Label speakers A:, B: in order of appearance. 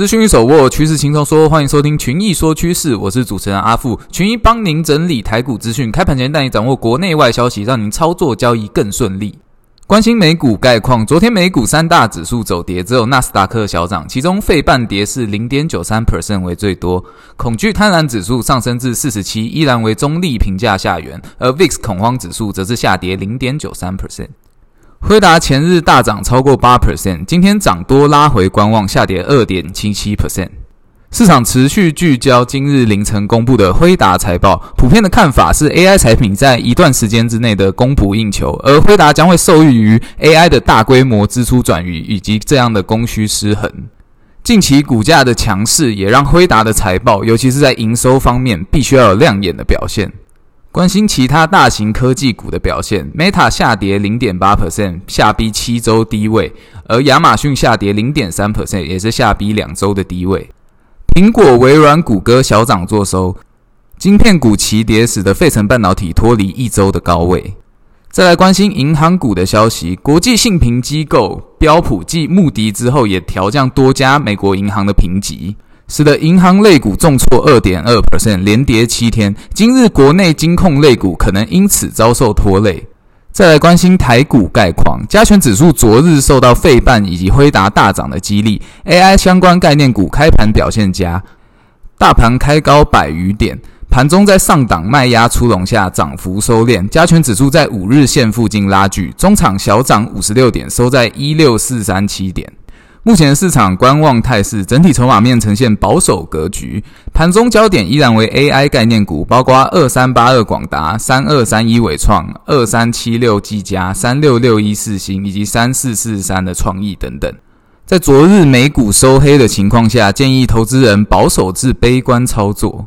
A: 資訊一手握，趨勢輕鬆說。歡迎收聽群益說趨勢，我是主持人阿富。群益幫您整理台股資訊，開盤前帶你掌握國內外消息，讓您操作交易更順利。關心美股概況，昨天美股三大指數走跌，只有納斯達克小漲，其中費半跌是零點九三 percent 為最多。恐懼貪婪指數上升至四十七，依然為中立評價下緣，而 VIX 恐慌指數則是下跌零點九三 percent。輝達前日大漲超過八 percent，今天漲多拉回觀望，下跌二點七七 percent。市場持續聚焦今日凌晨公布的輝達財報，普遍的看法是 AI 產品在一段時間之內的供不應求，而輝達將會受益於 AI 的大規模支出轉移以及這樣的供需失衡。近期股價的強勢也讓輝達的財報，尤其是在營收方面，必須要有亮眼的表現。關心其他大型科技股的表現，Meta 下跌0.8%，下逼七周低位；而亞馬遜下跌0.3%，也是下逼兩周的低位。蘋果、微軟、谷歌小漲作收。晶片股齊跌，使得費城半導體脫離一周的高位。再來關心銀行股的消息，國際信評機構標普繼穆迪之後，也調降多家美國銀行的評級。使得銀行類股重挫二點二 percent，連跌七天。今日國內金控類股可能因此遭受拖累。再來關心台股概況，加權指數昨日受到費半以及輝達大漲的激勵，AI 相關概念股開盤表現佳。大盤開高百餘點，盤中在上檔賣壓出籠下，漲幅收斂。加權指數在五日線附近拉鋸，中場小漲五十六點，收在一六四三七點。目前市場觀望態勢，整體籌碼面呈現保守格局。盤中焦點依然為 AI 概念股，包括二三八二廣達、三二三一緯創、二三七六技嘉、三六六一四星以及三四四三的創意等等。在昨日美股收黑的情況下，建議投資人保守至悲觀操作。